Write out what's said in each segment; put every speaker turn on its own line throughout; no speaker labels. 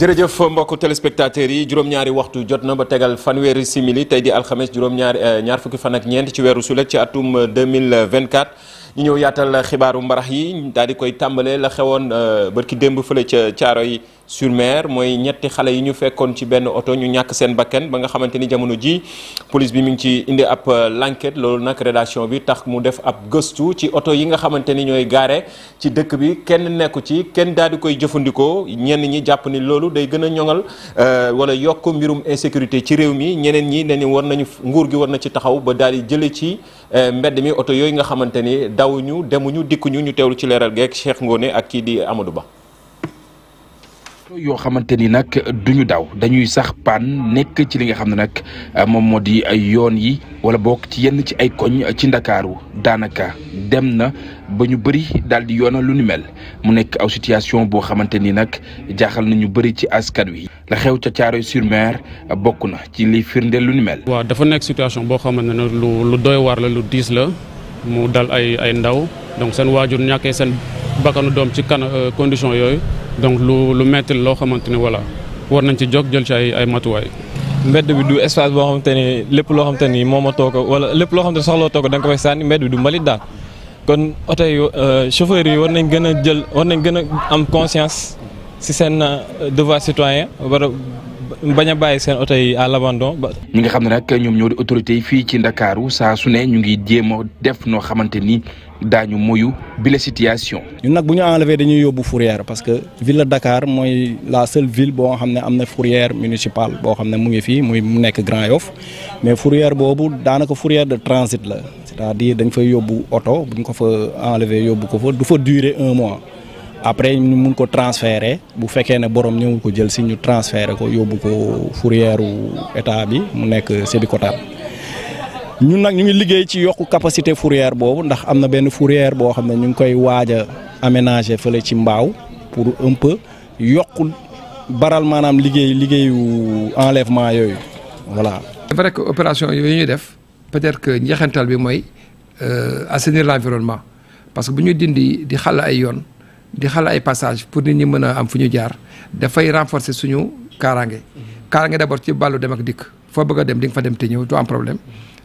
jërëjëf
mbokku téléspectateurs yi juróom-ñaari waxtu jot na ba tegal fanweeri simili tey di alxames juróom-ñaari eh, ñaar fukki fan ak ñeent ci weeru sulet ci atum 2024 ñu ñëw yaatal la xibaaru mbarax yi daal di koy tàmbalee la xewoon euh, bërki démb fële ca caaro yi sur mer mooy ñetti xale yi ñu fekkoon ci benn oto ñu ñàkk seen bakkan ba nga xamante ni jamono ji police bi mu ngi ci indi ab euh, l'enquête loolu nag rédaction bi tax mu def ab gëstu ci oto yi nga xamante ni ñooy gaare ci dëkk bi kenn nekku ci kenn daal di koy jëfandikoo ñenn ñi jàpp ni loolu day gën a ñoŋal euh, wala yokk mbirum insécurité ci réew mi ñeneen ñi ne ni war nañu nguur gi war na ci taxaw ba daal di jële ci euh, mbedd mi oto yooyu nga xamante ni dawuñu demuñu dikkuñu ñu teewlu ci leeral geek Cheikh ngoone ak kii di Amadou Ba
yoo xamante ni nag duñu daw dañuy sax paan nekk ci li nga xam ne nag euh, moom moo di yoon yi wala bokk ci yenn ci ay koñ ci ndakaaru daanaka dem na ba ñu bëri daal di yoona lu ni mu nekk aw situation boo xamante ni nag jaaxal na ñu bëri ci askan wi. la xew ca Thiaroye sur bokk na ci li firndeel lu ni mel.
dafa nekk situation boo xamante ne lu lu doy waar la lu diis la. mu dal ay ay ndaw donc seen waajur ñàkkee seen bakkanu doom ci kan euh, condition yooyu donc lu lu metti loo xamante ni voilà war nañ ci jóg jël ci ay ay matuwaay. mbedd bi du espace boo xamante ni lépp loo xamante ni moom a toog wala lépp loo xamante ni soxla toog da nga ko fay sànni mbedd bi du mbalit daal kon oto yi euh, chauffeur yi war nañ gën a jël war nañ gën a am conscience si seen euh, devoir citoyen war bañ a bàyyi seen oto yi à l'abandon
ñi nga xam ne nag ñoom ñoo di autorité yi fii ci Ndakaaru saa su ne ñu ngi jéema def noo xamante ni daañu moyu bi la situation.
ñu nag bu ñu enlevé dañuy yóbbu fourrière parce que ville Dakar mooy la seule ville boo xam ne am na fourière municipale boo xam ne mu ngi fii muy mu nekk Grand Yoff mais fourrière boobu daanaka fourrière de transit la c'est-à-dire dañ fay yóbbu oto bu ñu ko fa enlevé yóbbu ko fa du fa durer un mois. après ñu mun ko transférer bu fekkee ne borom ñëw ko jël si ñu transférer ko yóbbu ko fourière état bi mu nekk Sébikotane ñun nag ñu ngi liggéey ci yokku capacité fourrière boobu ndax am na benn fourière boo xam ne ñu ngi koy waaj aménagé fële ci mbaaw pour un peu yokku baral maanaam liggéey liggéeyu enlèvement yooyu voilà.
c'est vrai que opération yooyu ñuy def peut-être que njeexantal bi mooy euh, assainir l'environnement parce que bu ñuy dindi di xàll ay yoon. di xal ay passage pour nit ñi mën a am fu ñu jaar dafay renforcer suñu kaaraange. kaaraange d' abord ci wàllu dem ak dikk foo bëgg a dem di nga fa dem te ñëw du am problème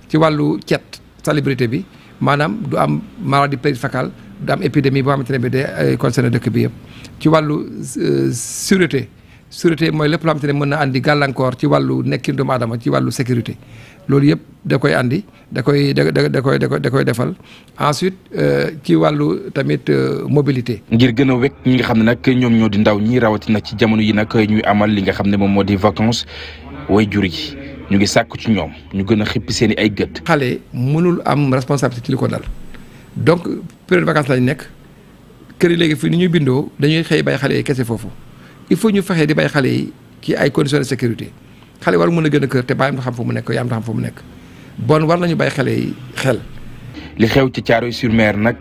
ci wàllu cet salubrité bi maanaam du am maladie périfocale du am épidémie boo xamante ne bi day euh, concerné dëkk bi yëpp. ci wàllu euh, sûreté sûreté mooy lépp loo xamante ne mën na indi gàllankoor ci wàllu nekkin doomu aadama ci wàllu sécurité loolu yëpp da koy andi da koy da da koy da koy defal ensuite euh, ci wàllu tamit euh, mobilité.
ngir gën a wekk ñi nga xam ne nag ñoom ñoo di ndaw ñi rawatina ci jamono yi nag ñuy amal li nga xam ne moom moo di vacance way jur yi ñu ngi sàkk ci ñoom ñu gën a xippi seen i ay gët.
xale mënul am responsabilité ci li ko dal donc période vacances lañ nekk kër yi léegi fii ni ñuy bindoo dañuy xëy bay xale yi kese foofu il faut ñu fexee di bay xale yi ci ay conditions sécurité. xale war mën a gën a kër te bàyyam da xam fu mu nekk yaam nekk bon war nañu bàyyi xale xel
li xew ci thiaroye sur nag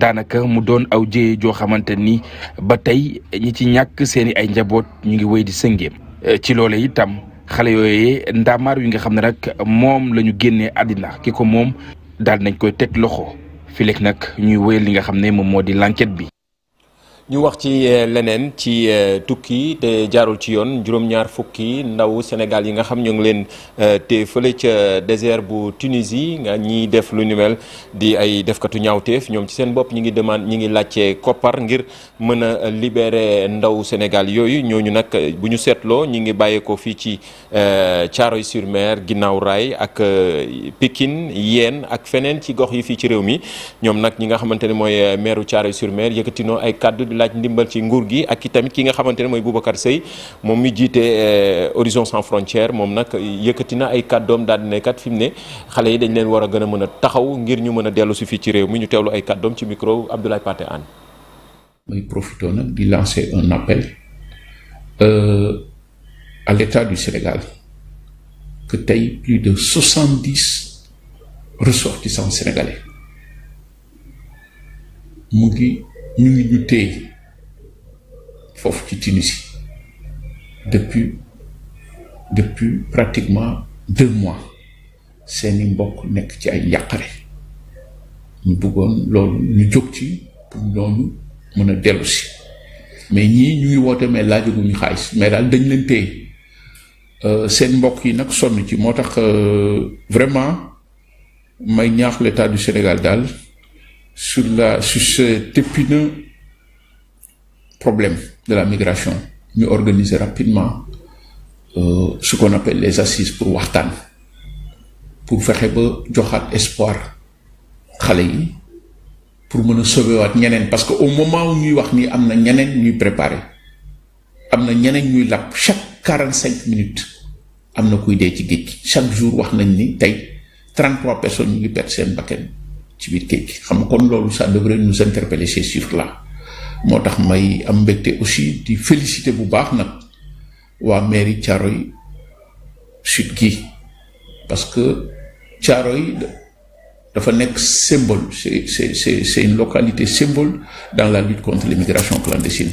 daanaka mu doon aw jéye joo xamante ni ba tey ñi ci ñàkk seeni ay njaboot ñu ngi wéy di sëngeem eh, ci loole itam xale yooyee ndaamaar yi nga xam ne nag moom la ñu génnee àddina ki ko moom daal nañ koy teg loxo fileeg nag ñuy wéyal li nga xam ne moom moo di l'enquête bi
ñu wax ci euh, leneen ci euh, tukki te jaarul ci yoon juróom-ñaar fukki ndaw Sénégal yi nga xam ñoo ngi leen euh, te fële ca désert bu Tunisie nga ñiy def lu ni di ay defkatu ñaawteef ñoom ci seen bopp ñi ngi demande ñi ngi laajte koppar ngir mën a libérer ndaw Sénégal yooyu ñooñu nag bu ñu seetloo ñi ngi bàyyeekoo fii ci Thiaroye-sur-Mer ginnaaw raay ak Pikine yeen ak feneen ci gox yi fii ci réew mi ñoom nag ñi nga xamante ne mooy meeru Thiaroye-sur-Mer yëkkatinoo ay laaj ndimbal ci nguur gi ak i tamit ki nga xamante ne mooy Boubacar Seye moom mi jiite euh, Horizon Sans Frontières moom nag yëkkati na ay kàddoom daal dina kat fi mu ne xale yi dañ leen war a gën a mën a taxaw ngir ñu mën a dellusi fii ci réew mi ñu teewlu ay kàddoom ci micro Abdoulaye Pathé Anne
muy profité nag di lancer un appel euh, à l'État du Sénégal que tey plus de soixante-dix ressortissants sénégalais ñu ngi ñu téye foofu ci Tunisie depuis depuis pratiquement deux mois seeni mbokk nekk ci ay njàqare ñu bëggoon loolu ñu jóg ci pour ñooñu mën a dellusi mais ñii ñu ngi woote mais laajaguñu xaalis mais daal dañ leen téye euh, seen mbokk yi nag sonn ci moo tax euh, vraiment may ñaax l'état du Sénégal daal sur, la, sur cet problème de la migration ñu organiser rapidement euh, ce qu'on appelle les assises pour waxtaan pour fexe ba joxaat espoir xale yi pour mën a sauvewaat ñeneen parce que au moment où ñuy wax nii am na ñeneen ñuy préparé am na ñeneen ñuy làpp chaque quarante cinq minutes am na kuy dee ci géej chaque jour wax nañ ni tey trente trois personnes ñu ngi perte seen bakkan ci biir géej gi xam kon loolu ça devrait nous interpeller ces chiffres là moo tax may am mbégte aussi di féliciter bu baax nag waa mairie Thiaroye Sud gi parce que Thiaroye dafa nekk symbole c'est c'est c'est une localité symbole dans la lutte contre l'immigration clandestine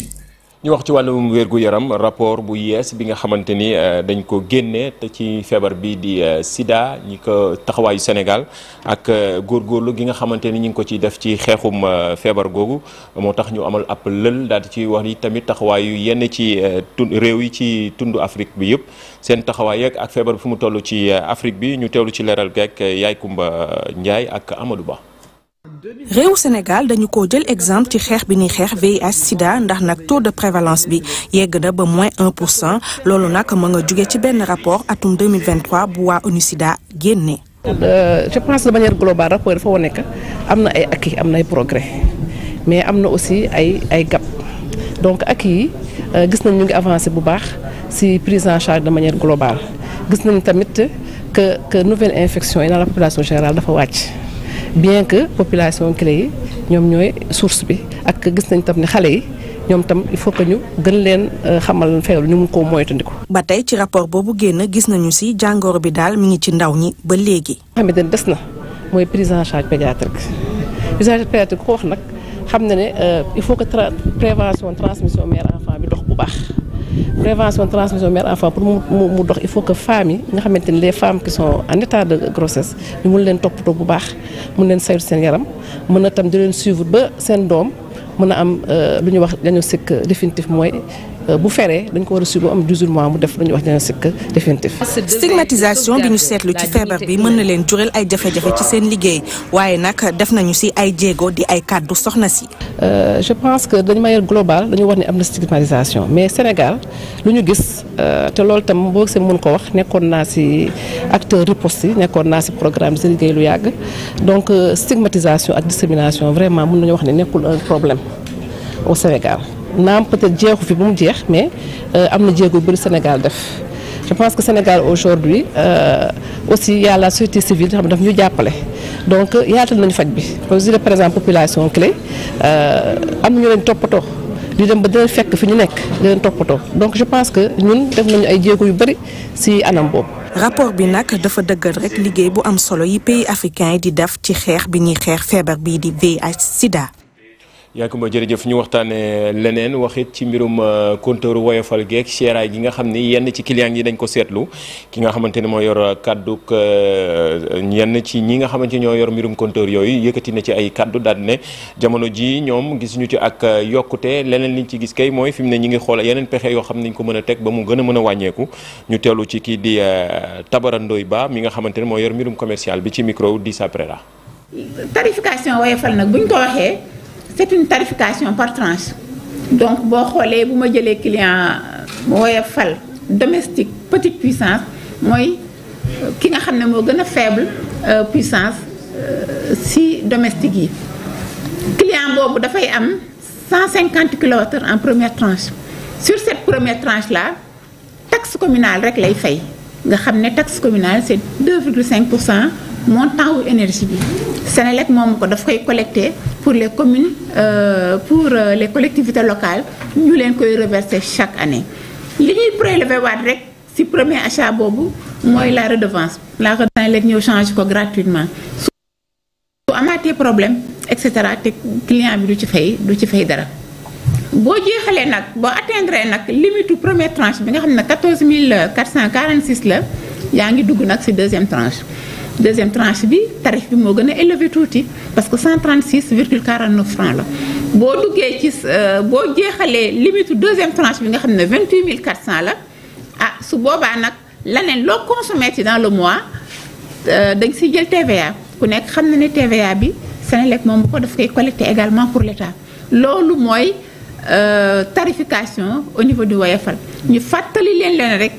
ñu wax ci wàllum wér-gu-yaram rapport bu yees bi nga xamante ni euh, dañ ko génne te ci feebar bi di euh, sida ñi ko taxawaayu Sénégal ak euh, góor góorlu gi nga xamante ni ñu ngi ko ci def ci xeexum feebar googu moo tax ñu amal ab lël daal di ci wax ni tamit taxawaayu yenn ci tund réew yi ci tundu Afrique bi yëpp seen taxawaay yeeg ak feebar bi fu mu toll ci Afrique bi ñu teewlu ci leeral geek Yaay Kumba Njaay ak Amadou Ba
réew Sénégal dañu ko jël exemple ci xeex bi ni xeex VIH cida ndax nag taux de prévalence bi yegg na ba moins un pour cent loolu nag ma nga jóge ci benn rapport atum 2023 bu waa ONU sida génne. Euh, je pense de manière globale rapport dafa wane que am na ay akki am na ay progrès mais am na aussi ay ay gap donc acquis yi euh, gis nañ ñu ngi avancé bu baax ci prise en charge de manière globale gis nañ tamit que que nouvelle infection yi dans la population générale dafa wàcc. bien que population clé yi ñoom ñooy source bi ak gis nañ tam ne xale yi ñoom tam il faut que ñu gën leen euh, xamal feebar ñu mu ko moytandiku. ba tey ci rapport boobu génn gis nañu si jàngoro bi daal mi ngi ci ndaw ñi ba léegi. xam ne des na mooy prise en charge pédiatrique prise en charge pédiatrique ko wax nag xam na ne euh, il faut que prévention transmission mère enfant bi dox bu baax. prévention transmission en enfant pour mu dox il faut que fem yi nga xamante ni les femmes qui sont en état de grossesse ñu mun leen toppatoo bu baax mun leen saytu seen yaram mën a tam di leen suivre ba seen doom mun a am euh, lu ñuy wax diagnostic euh, définitif mooy Euh, bu feree dañ ko war a suivre am 18 mois mu def lu ñuy wax diagnostic définitif. stigmatisation bi ñu seetlu ci feebar bi mën na leen jural ay jafe-jafe ci seen liggéey waaye nag def nañu si ay jéego di ay kàddu soxna si. Euh, je pense que dañu manière globale dañu wax ne am na stigmatisation mais Sénégal lu ñu gis euh, te loolu tam boo gisee mën ko wax nekkoon naa si acteur riposte yi nekkoon naa si programme bi si liggéey lu yàgg donc stigmatisation ak discrimination vraiment mën nañu wax ne nekkul problème au Sénégal. naam peut-être jeexu fi ba mu jeex mais euh, am na jéego bëri Sénégal def je pense que Sénégal aujourd'hui euh, aussi yàlla a la société civile xam daf ñu jàppale donc euh, yaatal nañu faj bi parce par exemple population clé euh, am na ñu leen toppatoo di dem ba dina fekk fi ñu nekk di toppatoo donc je pense que ñun def nañu ay jéego yu bëri si anam boobu. rapport bi nag dafa dëggal rek liggéey bu am solo yi pays africain yi di def ci xeex bi ñuy xeex feebar bii di VIH sida.
Yacoumba jërëjëf ñu waxtaanee leneen waxit ci mbirum euh, compteur woyofal geeg seeraay ji nga xam ni yenn ci client yi dañ ko seetlu ki nga xamante ni moo yor kaddu euh, yenn ci ñi nga xamante ñoo yor mbirum compteur yooyu yëkkati na ci ay kaddu daal ne jamono ji ñoom gisuñu ci ak euh, yokkute leneen liñ ci gis kay mooy fi mu ne ñi ngi xool yeneen pexe yoo xam niñ ko mën a teg ba mu gën mën a wàññeeku ñu teelu ci kii di Tabara Ndoye Ba mi nga xamante ne moo yor mbirum commercial bi ci micro di Saprera
tarification woyofal nag buñ ko waxee c'est une tarification par tranche donc boo xoolee bu ma jëlee client woyofal domestique petite puissance mooy euh, ki nga xam ne moo gën a faible euh, puissance euh, si domestique yi client boobu dafay am cent 150 kilowattheures en première tranche sur cette première tranche là taxe communal rek lay fay nga xam ne taxe communale c' est 2,5 pour cent montant wu énergie bi Sénélec moom ko daf koy collecté pour les communes euh, pour euh, les collectivités locales ñu leen koy reversé chaque année. li ñuy prélevé waat rek ci premier achat boobu mooy la redevance la redevance Sénélec ñëw change ko gratuitement su amaatee problème et cetera te client bi du ci fay du ci fay dara. boo jeexalee nag boo atteindre nag limite première tranche bi nga xam ne mille 14 446 la yaa ngi dugg nag ci deuxième tranche deuxième tranche bi tarif bi moo gën a élevé tuuti parce que 136 virgule 49 francs la boo duggee ci euh, boo jeexalee limite deuxième tranche bi nga xam ne vingt 28 400 la ah su boobaa nag laneen loo consommé ci dans le mois euh, dañ si jël TVA ku nekk xam na ni TVA bi Sénélec moom bu ko daf koy également pour l'État loolu mooy Euh, tarification au niveau du woyofal ñu fàttali leen leen rek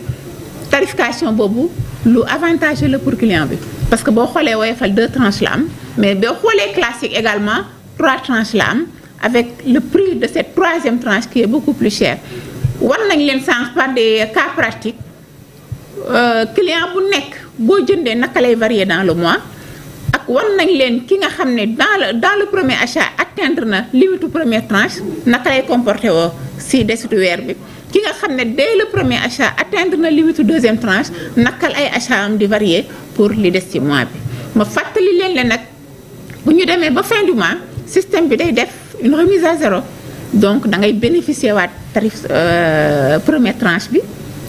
tarification boobu lu avantage la pour client bi parce que boo xoolee woyofal de tranches la am mais boo xoolee classique également trois tranches la am avec le prix de cette troisième tranche qui est beaucoup plus cher war nañ leen sànq par des cas pratiques euh, client bu nekk boo jëndee naka lay varier dans le mois wan nañ leen ki nga xam ne daal le dans premier achat atteindre na limitu première tranche naka lay comporté woo si desitu weer bi ki nga xam ne dès le premier achat atteindre na limitu deuxième tranche nakal ay achat am di varier pour li des ci mois bi ma fàttali leen ne nag bu ñu demee ba fin du mois système bi day def une remise à zéro donc da ngay bénéficier waat tarif euh, première tranche bi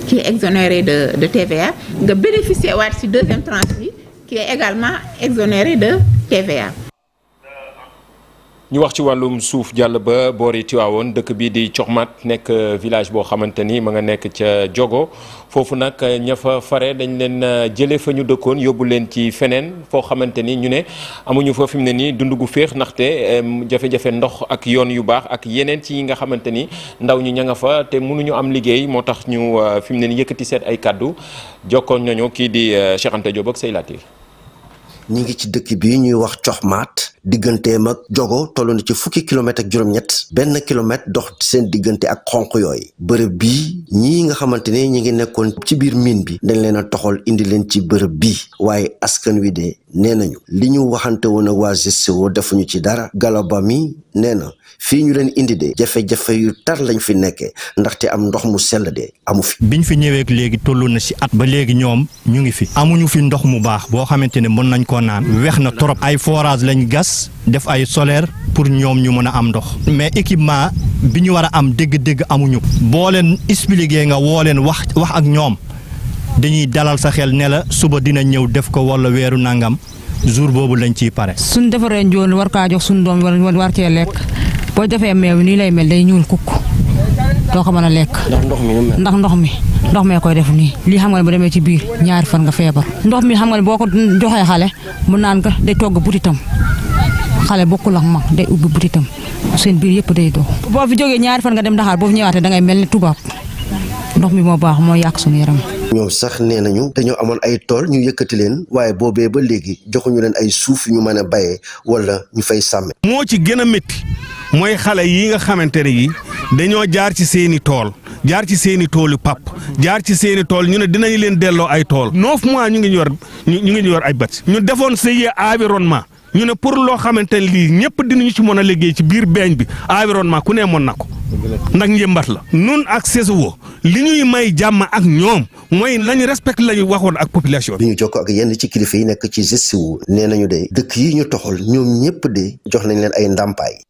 ci est exonéré de de TVA nga bénéficier waat si deuxième tranche bi qui est
ñu wax ci wàllum suuf jàll ba boori Tiwaawoon dëkk bii di Coxmat nekk euh, village boo xamante ni ma nga nekk ca Jogo foofu nag euh, ña fa fare dañ leen euh, jële fa ñu dëkkoon yóbbu leen ci feneen foo xamante ni ñu ne amuñu fa fi mu ne nii dund gu féex ndaxte jafe-jafe ndox ak yoon yu baax ak yeneen ci yi nga xamante ni ndaw ñi ña nga fa te mënuñu am liggéey moo tax ñu fi mu ne nii yëkkati seet ay kàddu jokkoon nañu kii di Cheikh Anta Diop ak
ñi ngi ci
dëkk bi ñuy wax coxmaat digganteem ak jogo toll na ci fukki kilomètre ak juróom-ñett benn kilomètre dox seen diggante ak xonq yooyu bërëb bii ñii nga xamante ne ñi ngi nekkoon ci biir miin bi dañ leen a toxol indi leen ci bërëb bii waaye askan wi de nee nañu li ñu waxante woon ak waa GCO defuñu ci dara galaba mi nee na fii ñu leen indi de jafe-jafe yu tar lañ fi nekkee ndaxte am ndox mu sell de
amu fi. biñ fi ñëwee léegi toll na si at ba léegi ñoom ñu ngi fi amuñu fi ndox mu baax boo xamante ne mën nañ koo naan weex na trop ay forage lañ gas gas def ay solaire pour ñoom ñu mën a am ndox mais équipement bi ñu war a am dégg-dégg amuñu boo leen expliqué nga woo leen wax wax ak ñoom dañuy dalal sa xel ne la suba dina ñëw def ko walla weeru nangam jour boobu lañ ciy pare. suñ
defaree njoon war kaa jox suñ doom war cee lekk boo defee meew nii lay mel day ñuul kukk doo ko mën a lekk. ndax ndox mi ndax ndox mi. ndox mee koy def nii lii xam nga ne bu demee ci biir ñaari fan nga feebar. ndox mi xam nga ne boo ko joxee xale bokkul ak mag day ubbi butitam seen biir yëpp day dox. boo fi jógee ñaari fan nga dem Dakar boo fi ñëwaatee dangay mel ni tubaab ndox mi moo baax moo yàq suñu yaram.
sax nee nañu dañoo amoon ay tool ñu yëkkati leen waaye boobee ba léegi joxuñu leen ay suuf ñu mën a bayee wala ñu fay sàmme.
moo ci gën a métti mooy xale yii nga xamante ne yi dañoo jaar ci seeni tool jaar ci seeni tool yu pap jaar ci seeni tool ñu ne dinañ leen delloo ay tool neuf mois ñu ngi yor ñu ngi yor ay bët ñu defoon sëyee environnement ñu ne pour loo xamante ne lii ñëpp dinañu ci mën a liggéey ci biir beeñ bi environnement ku ne moon na ko. ndax njëmbat la. nun ak CSO li ñuy may jàmm ak ñoom mooy lañu respecté lañu waxoon ak population
bi. bi ñu jokkoo ak yenn ci kilifa yi nekk ci geste wu nee nañu de dëkk yi ñu toxal ñoom ñëpp de jox nañ leen ay ndàmpaay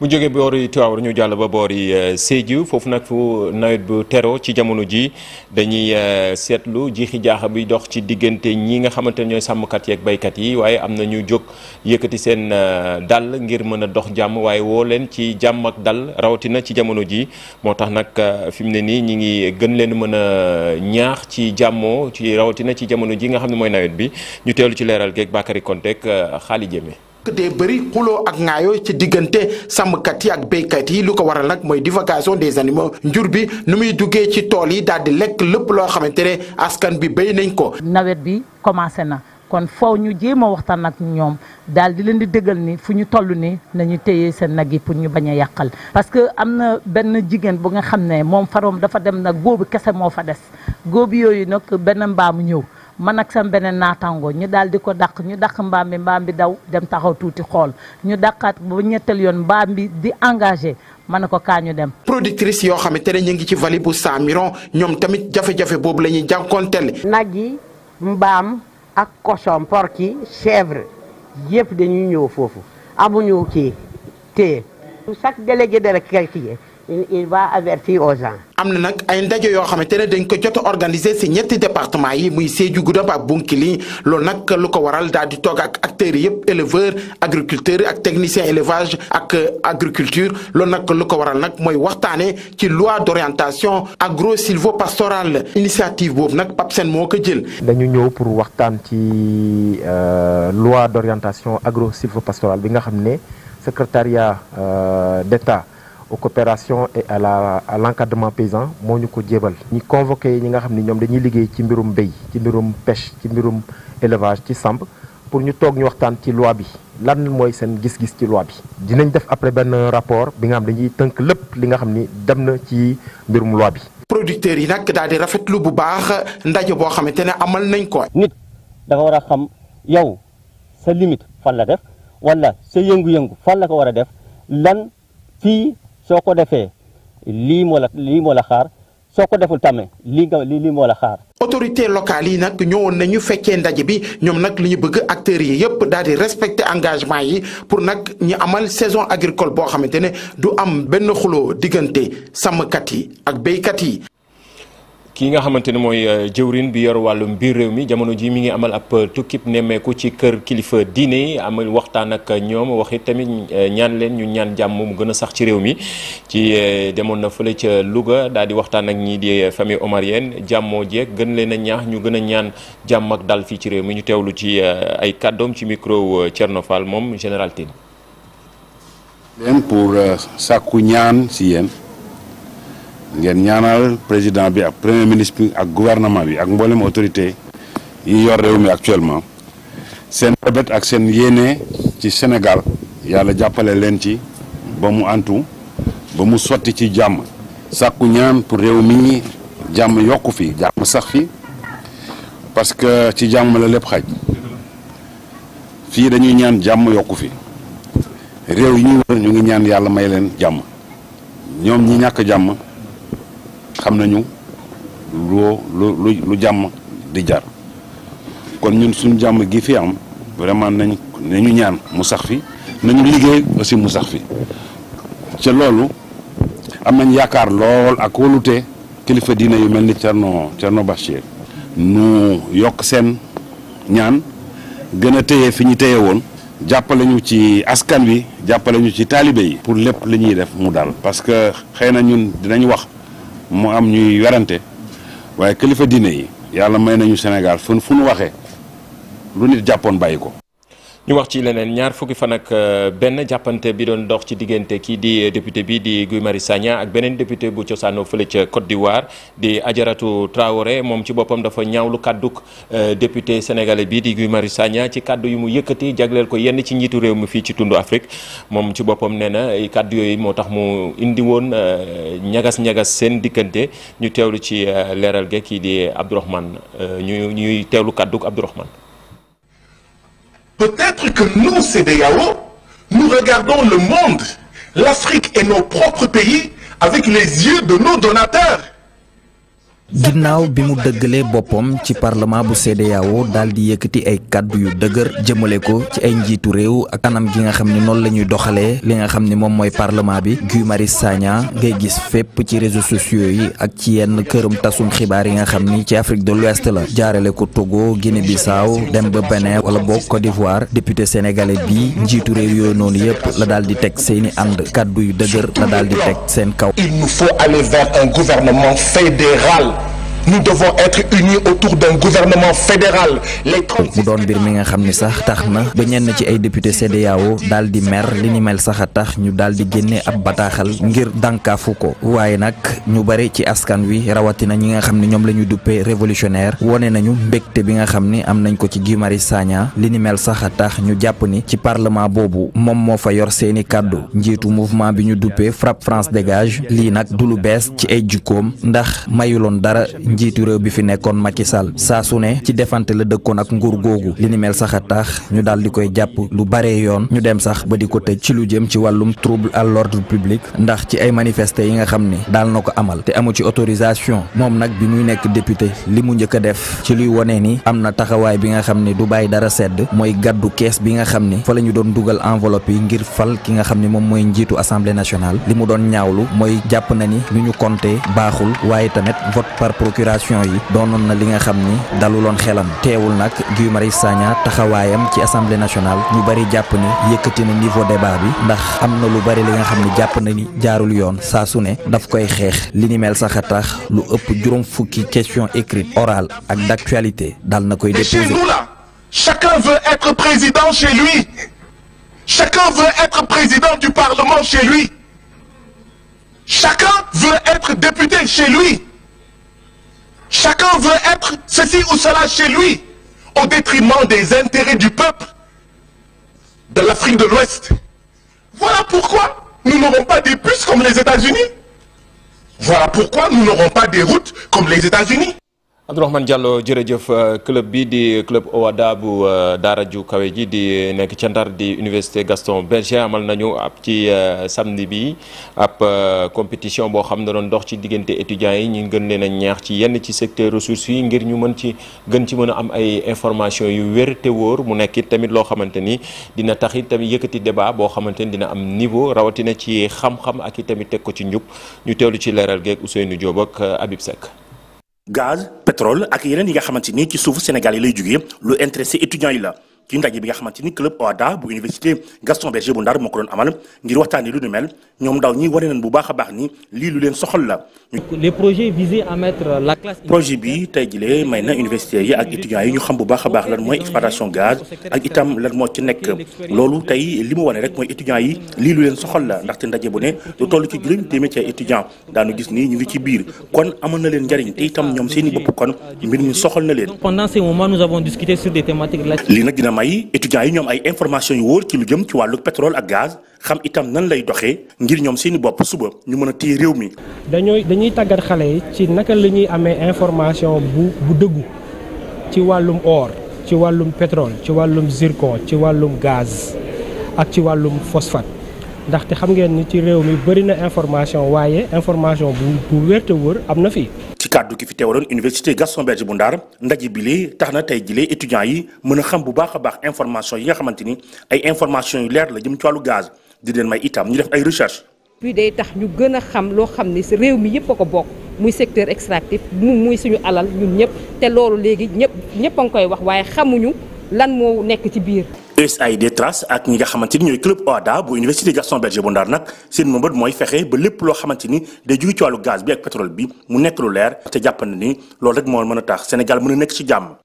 bu jógee boor yi Tiwaawar ñu jàll ba boor yi euh, foofu nag fu nawet bu teroo ci jamono ji dañuy euh, seetlu jiixi jaaxa bi dox ci diggante ñi nga xamante ne ñooy sàmmkat yeeg baykat yi waaye am na ñu jóg yëkkati seen euh, dal ngir mën a dox jàmm waaye woo leen ci jàmm ak dal rawatina ci jamono ji moo tax nag fi mu ne nii ñi ngi gën leen mën a ñaax ci jàmmoo ci rawatina ci jamono ji nga xam ne mooy nawet bi ñu teelu ci leeral geeg Bakary Kontek xaali jëmee
dee bëri xuloo ak ŋaayoo ci diggante sàmmkat yi ak béykat yi lu ko waral nag mooy divagation des animaux njur bi nu muy duggee ci tool yi daal di lekk lépp loo xamante ne askan bi béy nañ ko.
nawet bi commencé na kon foo ñu jéem a waxtaan ak ñoom daal di leen di dëggal ni fu ñu toll nii nañu téye seen nag yi pour ñu bañ a yàqal. parce que am na benn jigéen bu nga xam ne moom faroom dafa dem nag góobu kese moo fa des góob yooyu nag benn mbaamu ñëw. man ak sam beneen naataango ñu daal di ko dàq ñu dàq mbaam bi mbaam bi daw dem taxaw tuuti xool ñu dàqaat ba ñettal yoon mbaam bi di engagé mën na ko kaa ñu dem.
productrice yoo xamante ne ñu ngi ci vallée bu Samiron ñoom tamit jafe-jafe boobu la ñuy
jànkonteel. nag yi mbaam ak cochon porc yi chèvre yëpp dañuy ñëw foofu abu amuñu kii téye chaque délégué de quartier il va avertir aux gens.
am na nag ay ndaje yoo xamante ne dañ ko jot a si ñetti département yi muy Sédhiou Goudomp ak Bounkiling loolu nag lu ko waral daal di toog ak acteurs yëpp éleveurs agriculteurs ak technicien élevage ak euh, agriculture loolu nag lu ko waral nag mooy waxtaanee ci loi d'orientation agro sylvo initiative boobu nag Pape moo ko jël. dañu ñëw pour waxtaan ci euh, loi d'orientation agro-sylvo-pastorale bi nga xam ne secrétariat euh, d'État. aux coopérations et a la à l'encadrement paysan moo ñu ko jébal ñi convoqué ñi nga xam ni ñoom dañuy liggéey ci mbirum mbéy ci mbirum pêche ci mbirum élevage ci samb pour ñu toog ñu waxtaan ci loi bi lan mooy seen gis-gis ci loi bi dinañ def après benn rapport bi nga xam dañuy tënk lépp li nga xam ni dem na ci mbirum loi bi producteurs yi nag daal di rafetlu bu baax ndaje boo xamante ne amal nañ ko nit da nga war a xam yow sa
limite fan la def wala soo ko defee lii moo la lii moo xaar soo ko deful tamit lii nga lii moo
la
xaar.
autorité locale yi nag ñëwoon nañu fekkee ndaje bi ñoom nag li ñu bëgg acteurs yi yëpp daal di respecter engagement yi pour nag ñu amal saison agricole boo xamante ne du am benn xuloo diggante sàmmkat yi ak béykat yi. kii nga xamante ne
mooy euh, jëwrin bi yor wàllum biir réew mi jamono ji mi ngi amal ab euh, tukkib nemmeeku ci kër kilifa diine yi amal waxtaan ak ñoom wax it tamit euh, ñaan leen ñu ñaan jàmm mu gën a sax ci réew mi ci demoon na fële ca Louga daal di waxtaan ak ñii di famille omarienne jàmmoo jeeg gën leen a ñaax ñu gën a ñaan jàmm ak dal fii ci réew mi ñu teewlu ci ay kàddoom ci micro Thierno moom général Tine.
pour sàkku ñaan si yéen. ngeen ñaanal président bi ak premier ministre bi ak gouvernement bi ak mboolem autorité yi yor réew mi actuellement seen bébét ak seen yéene ci Sénégal yàlla jàppale leen ci ba mu antu ba mu sotti ci jàmm sàkku ñaan pour réew mi jàmm yokku fi jàmm sax fi parce que ci jàmm la lépp xaj fii dañuy ñaan jàmm yokku fi réew yi ñu wër ñu ngi ñaan yàlla may leen jàmm ñoom ñi ñàkk jàmm xam nañu loo lu lu jàmm di jar kon ñun suñu jàmm gi fi am vraiment nañ nañu ñaan mu sax fi nañu liggéey aussi mu sax fi ca loolu am nañ yaakaar lool ak wolute kilifa diine yu mel ni Thierno Thierno Bachir nu yokk seen ñaan gën a téye fi ñu téye woon jàppale ñu ci askan wi jàppale ñu ci taalibe yi pour lépp li ñuy def mu daal parce que xëy na ñun dinañ wax mu am ñuy werante waaye kilifa diine yi yàlla may nañu Sénégal fu fu nu waxee lu nit jàppoon bàyyi ko
ñu wax ci leneen ñaar fukki fan ak euh, benn jàppante bi doon dox ci diggante kii di euh, député bi di Guy Marius Sagna ak beneen député bu cosaanoo fële ca Côte d'Ivoire di Ajaratu Traoré moom ci boppam dafa ñaawlu kàdduk euh, député sénégalais bi di Guy Marius Sagna ci kàddu yu mu yëkkati jagleel ko yenn ci njiitu réew mi fii ci tundu Afrique moom ci boppam nee na kàddu yooyu moo tax mu indi woon ñagas-ñagas seen diggante ñu teewlu ci leeral ge kii di Abdourahmane ñu ñuy teewlu kàdduk Abdourahmane
Peut-être que nous, CEDEAO, nous regardons le monde, l'Afrique et nos propres pays avec les yeux de nos donateurs.
ginnaaw bi mu dëggalee boppam ci parlement bu CEDEAO daal di yëkkati ay kàddu yu dëgër jëmale ko ci ay njiitu réew ak kanam gi nga xam ne noonu la ñuy doxalee li nga xam ni moom mooy parlement bi Guy Marius Sagna ngay gis fépp ci réseaux sociaux yi ak ci yenn këram tasum xibaar yi nga xam ni ci Afrique de l'Ouest la jaarale ko Togo Guinée Bissau dem ba beneen wala boog Côte d'Ivoire député sénégalais bi njiitu réew yooyu noonu yëpp la daal di teg seeni ànd kàddu yu dëgër daal di teg seen kaw.
nous devons
être
unis autour d'un gouvernement mu doon mbir mi nga xam ni sax tax na ba na ci ay député CEDEAO dal di mer li ni mel sax a tax ñu daal di génne ab bataaxal ngir dànkaafu ko waaye nag ñu bare ci askan wi rawatina ñi nga xam ne ñoom la ñu duppee révolutionnaire wone nañu mbégte bi nga xam ni am nañ ko ci Guy Marius Sagna li ni mel sax a tax ñu jàpp ni ci parlement boobu moom moo fa yor seeni kàddu njiitu mouvement bi ñu duppee FRAPP France dégage lii nag du lu bees ci ay jukkoom ndax mayuloon dara. njiitu réew bi fi nekkoon Macky Sall saa su ne ci defante la dëkkoon ak nguur googu li ni mel sax a tax ñu daal di koy jàpp lu bare yoon ñu dem sax ba di ko tëj ci lu jëm ci wàllum trouble à l'ordre public ndax ci ay manifesté yi nga xam ne daal na ko amal te amu ci autorisation moom nag bi muy nekk député li mu njëkk a def ci luy wone ni am na taxawaay bi nga xam ne du bàyyi dara sedd mooy gàddu kees bi nga xam ne fa la ñu doon dugal enveloppe yi ngir fal ki nga xam ne moom mooy njiitu assemblée nationale li mu doon ñaawlu mooy jàpp na procuration yi doonoon na li nga xam ni daluloon xelam teewul nag Guy Marius Sagna taxawaayam ci assemblée nationale ñu bëri jàpp ne yëkkati na niveau débat bi ndax am na lu bari li nga xam ne jàpp na ni jaarul yoon saa su ne daf koy xeex li ni mel sax a tax lu ëpp juróom fukki question écrite orale ak d'actualité dal na koy déposer. Chez nous là,
chacun veut être président chez lui. Chacun veut être président du Parlement chez lui. Chacun veut être député chez Chacun veut être ceci ou cela chez lui, au détriment des intérêts du peuple de l'Afrique de l'Ouest. Voilà pourquoi nous n'aurons pas des bus comme les États-Unis. Voilà pourquoi nous n'aurons pas des routes comme les États-Unis.
Abdourahmane Diallo jërëjëf euh, club bi di club OHADA bu euh, daara ju kawe ji di euh, nekk ca Ndar di université Gaston Berger amal nañu ab ci samedi bi ab compétition boo xam ne doon ndox ci diggante étudiants yi ñu gën leen a ñaax ci yenn ci secteur ressources yi ngir ñu mën ci gën ci mën a am ay information yu wér te wóor mu nekk it tamit loo xamante ni dina tax it tamit yëkkati débat boo xamante ni dina am niveau rawatina ci xam-xam ak i tamit teg ko ci njub ñu teewlu ci leeral geeg Ousseynou Diop ak Habib Seck.
gaz pétrole ak yeneen yi nga xamante ni ci suufu Sénégal yi lay jugee lu intéressé étudiants yi la ci ndaje bi nga xamante ni club OHADA bu université Gaston Berger bu Ndar moo ko doon amal ngir waxtaanee lu nu mel ñoom ndaw ñi wane nañ bu baax a baax ni lii lu leen soxal la.
les projets la classe.
projet bi tey jile may na université yi ak étudiants yi ñu xam bu baax a baax lan mooy exploitation gaz ak itam lan moo ci nekk loolu tey li mu wane rek mooy étudiants yi lii lu leen soxal la ndaxte ndaje bu ne lu toll ci juróomi téeméer ci étudiants daanu gis nii ñu ngi ci biir kon amal na leen njariñ te itam ñoom seen bopp kon mbir mi soxal na leen.
pendant ces moments nous avons discuté des thématiques.
lii nag dina may étudiants yi ñoom ay informations yu wóor lu jëm ci wàllu pétrole ak gaz. xam itam nan lay doxee ngir ñoom seeni bopp suba ñu mën a téye réew mi.
dañooy dañuy tàggat xale yi ci naka la ñuy amee information bu bu dëggu ci wàllum or ci wàllum pétrole ci wàllum zircon ci wàllum gaz ak ci wàllum phosphate ndaxte xam ngeen ni ci réew mi bëri na information waaye information bu bu wér te wër am na fi.
ci kàddu ki fi teewaloon université Gaston Berger bu Ndar ndaje bi lee tax na tey jilee étudiants yi mën a xam bu baax a baax information yi nga xamante ni ay information yu leer la jëm ci wàllu gaz. di leen may itam ñu def ay recherche.
puis tax ñu gën a xam loo xam ni réew mi yëpp a ko bokk muy secteur extractif mu muy suñu alal ñun ñëpp te loolu léegi ñëpp ñëpp ngi koy wax waaye xamuñu lan moo nekk ci biir.
USAID Trace ak ñi nga xamante ni ñooy club OHADA bu université Gaston Berger bu Ndar nag seen mëbët mooy fexe ba lépp loo xamante ni day jóge ci wàllu gaz bi ak pétrole bi mu nekk lu leer te jàpp na ni loolu rek moo mën a tax Sénégal mën a nekk ci jàmm.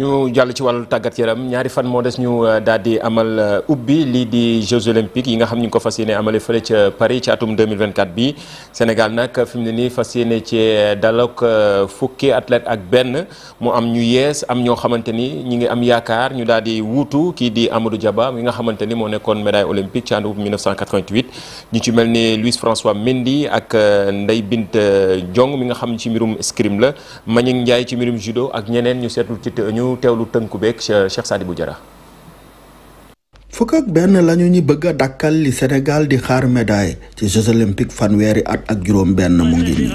ñu jàll ci wàllu tàggat yaram ñaari fan moo des ñu euh, daal di amal euh, ubbi lii di Jeux olympiques yi nga xam ñu ngi ko fas yéene amale fële ca Paris ci atum bi Sénégal nag fi mu ne nii fas yéene ci dalak euh, fukki athlète ak benn mu am ñu yees am ñoo xamante ni ñi ngi am yaakaar ñu daal di wuutu kii di Amadou Diaba yi nga xamante ni moo nekkoon médaille olympique ci àndub 1988 ñu ci mel ni Louis François Mendy ak Ndeye Bint Diong mi nga xam ci mbirum escrime la Manick Ndiaye ci ñu teewlu tënku beeg Cheikh Sadibou
fukk ak benn lañu ñu bëgg a dakkal li Sénégal di xaar médaille ci Jeux olympiques fanweeri at ak juróom-benn mu ngi nii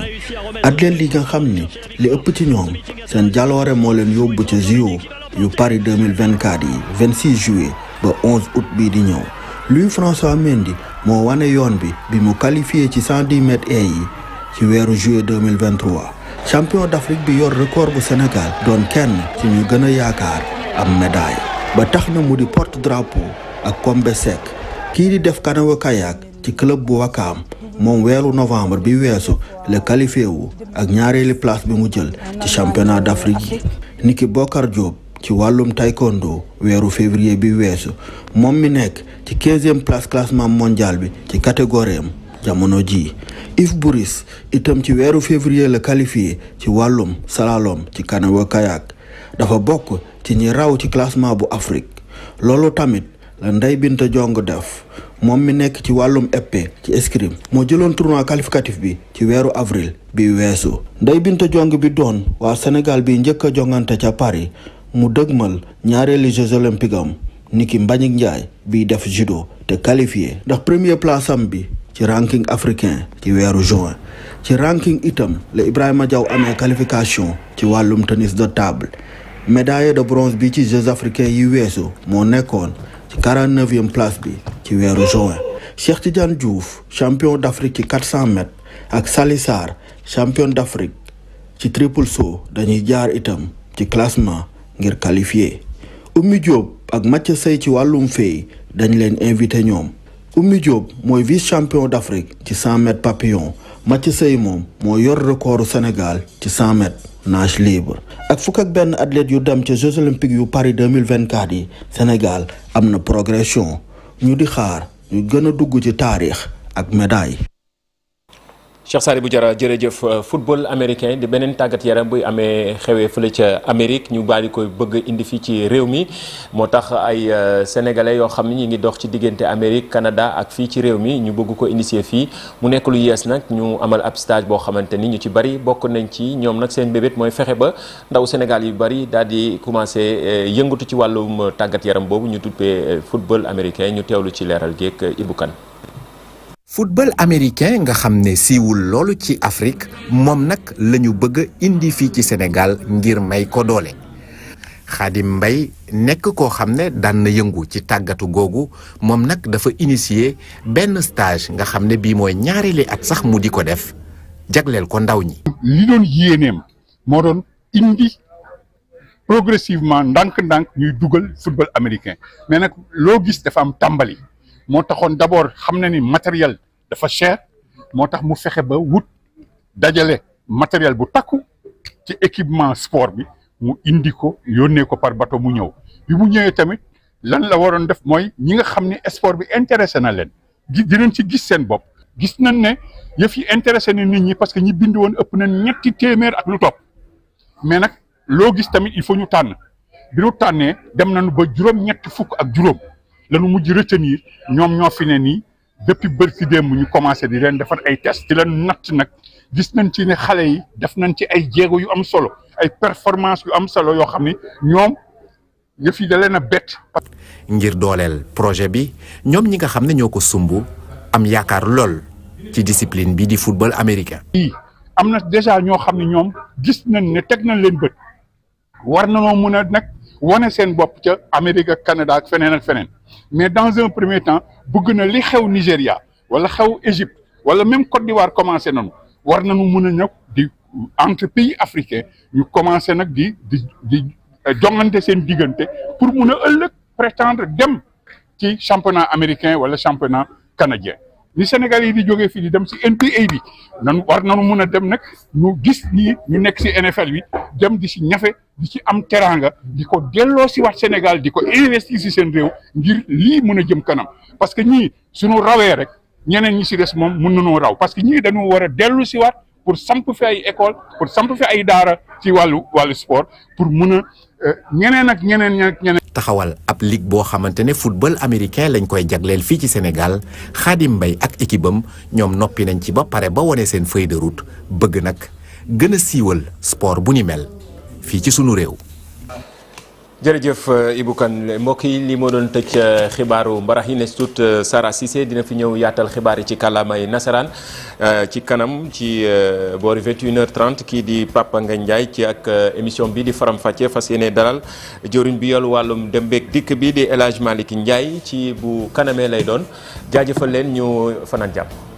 athlètes yi nga xam ni li ëpp ci ñoom seen jaloore moo leen yóbbu ca JO yu Paris 2024 yi 26 juillet ba 11 août bii di ñëw Louis François Mendy moo wane yoon bi bi mu qualifié ci 110 mètres yi ci weeru juillet 2023. champion d'Afrique bi yor record bu Sénégal doon kenn ci ñu gën a yaakaar am médaille ba tax na mu di porte drapo ak Combé Seck kii di def canoë kayak ci club bu Wakaam moom weeru novembre bi weesu la qualifié wu ak ñaareeli place bi mu jël ci championnat d'Afrique yi niki Bokar Diop ci wàllum taekwondo weeru février bi weesu moom mi nekk ci quinzième place classement mondial bi ci catégorie am jamono ji Yves Bouris itam ci weeru février la qualifié ci wàllum slalom ci canoë kayak dafa bokk ci ñi raw ci classement bu Afrique loolu tamit la Ndeye Binta Diong def moom mi nekk ci wàllum épée ci escrime moo jëloon tournoi qualificatif bi ci weeru avril bi weesu ndey Binta jong bi doon waa Sénégal bi njëkk a jongante ca Paris mu dëgmal ñaareeli Jeux olympiques niki Mbagnick Ndiaye biy def judo te qualifié ndax premier place bi ci ranking africain ci weeru juin ci ranking itam la Ibrahima jaw amee qualification ci wàllum tennis de table médaille de bronze bi ci Jeux africains yi weesu moo nekkoon ci 49e place bi ci weeru juin Cheikh Tidiane Diouf champion d'Afrique ci 400 mètres ak Sali champion d'Afrique ci triple saut dañuy jaar itam ci classement ngir qualifié Oumy Diop ak Mathieu Sey ci wàllum fey dañ leen invité ñoom Oumy Diop mooy vice champion d'Afrique ci 100 mètres papillon Mathi Seye moom moo yor recordu Sénégal ci 100 mètres nage libre ak fukk ak benn athlète yu dem ci Jeux olympiques yu Paris 2024 yi Sénégal am na progression ñu di xaar ñu gën a dugg ci taarix ak médaille
Cheikh Sadibou Diarra jërëjëf euh, football américain di beneen tàggat yaram buy amee xewee fële ca Amérique ñu baal di koy bëgg indi fii ci réew mi moo tax ay euh, sénégalais yoo xam ni ñu ngi dox ci diggante Amérique kanada ak fii ci réew mi ñu bëgg ko initier fii mu nekk lu yees nag ñu amal ab stage boo xamante ni ñu ci bari bokk nañ ci ñoom nag seen bébét mooy fexe ba ndaw Sénégal yu bari daal di commencé euh, yëngatu ci wàllum tàggat yaram boobu ñu tuddee football américain ñu teewlu ci leeral geek Ibou
football américain nga xam ne siiwul loolu ci Afrique moom nag lañu bëgg indi fii ci senegal ngir may ko doole Xaadim Mbay nekk koo xam ne daan yëngu ci tàggatu googu moom nag dafa initier benn stage nga xam ne bii mooy ñaari
li at sax mu di ko def jagleel ko ndaw ñi. li doon yéeneem moo doon indi progressivement ndànk-ndànk ñuy dugal football américain mais nag loo gis dafa am tàmbali. moo taxoon d'abord xam na ni matériel dafa cher moo tax mu fexe ba wut dajale matériel bu takku ci équipement sport bi mu indi ko yónnee ko par bateau mu ñëw bi mu ñëwee tamit lan la waroon def mooy ñi nga xam ni sport bi intéressé na leen gi dinañ ci gis seen bopp gis nañ ne yëf yi intéressé na nit ñi parce que ñi bind woon ëpp na ñetti téeméer ak lu topp mais nag loo gis tamit il faut ñu tànn bi ñu tànnee dem nañu ba juróom-ñetti fukk ak juróom lañu mujj retenir ñoom ñoo fi ne nii depuis bërki démb ñu commencé di leen defar ay test di leen natt nag gis nañ ci ne xale yi def nañ ci ay jéego yu am solo ay performance yu am solo yoo xam ni ñoom yëf yi da leen a bett. ngir dooleel projet bi ñoom ñi nga xam ne ñoo ko sumb am yaakaar lool ci disipline bi di football américain. yii am na déjà ñoo xam ne ñoom gis nañ ne teg nañ leen bët war na noo mun a nag. wane seen bopp ca Amérique a Canada ak feneen ak feneen mais dans un premier temps bëgg na li xew Nigéria wala xew Égypte wala même Côte d'Ivoire commencé nañu war nañu mun a ñëw di entre pays africain ñu commencé nag di di di euh, jongante seen diggante pour mun a ëllëg prétendre dem ci championnat américain wala championnat canadien li Sénégal yi di jógee fii di dem si NPA bi nan war nanu mun a dem nag ñu gis nii ñu nekk si NFL bi dem di si ñafe di ci am teraanga di ko delloo si waat Sénégal di ko investir si seen réew ngir lii mun a jëm kanam parce que ñii suñu rawee rek ñeneen ñi si des moom mun nañoo raw parce que ñii dañu war a dellu si waat pour samp fi ay école pour samp fi ay daara ci wàllu wàllu sport pour mun a euh, ñeneen ak ñeneen ñeneen. taxawal
ab ligue boo xamante ne football américain lañ koy jagleel fii ci Sénégal Khadim Mbaye ak équipe am ñoom noppi nañ ci ba pare ba wone seen feuille de bëgg nag gën a siiwal sport bu ni mel
fii ci sunu réew.
jërëjëf euh, Ibou Kane mbokk yi li moo doon tëj euh, xibaaru mbarax yi ne tut euh, Sara Cissé dina fi ñëw yaatal xibaar yi ci kàllaamay nasaraan ci kanam ci boori 21h30 kii di Papa nga Ndiaye ci ak émission bi di faram fàccee fas yéene daral jëriñ bi yor wàllum dem beeg dikk bi di El Hadj Malick Ndiaye ci bu kanamee lay doon jaajëfal leen ñu fanaan jàmm.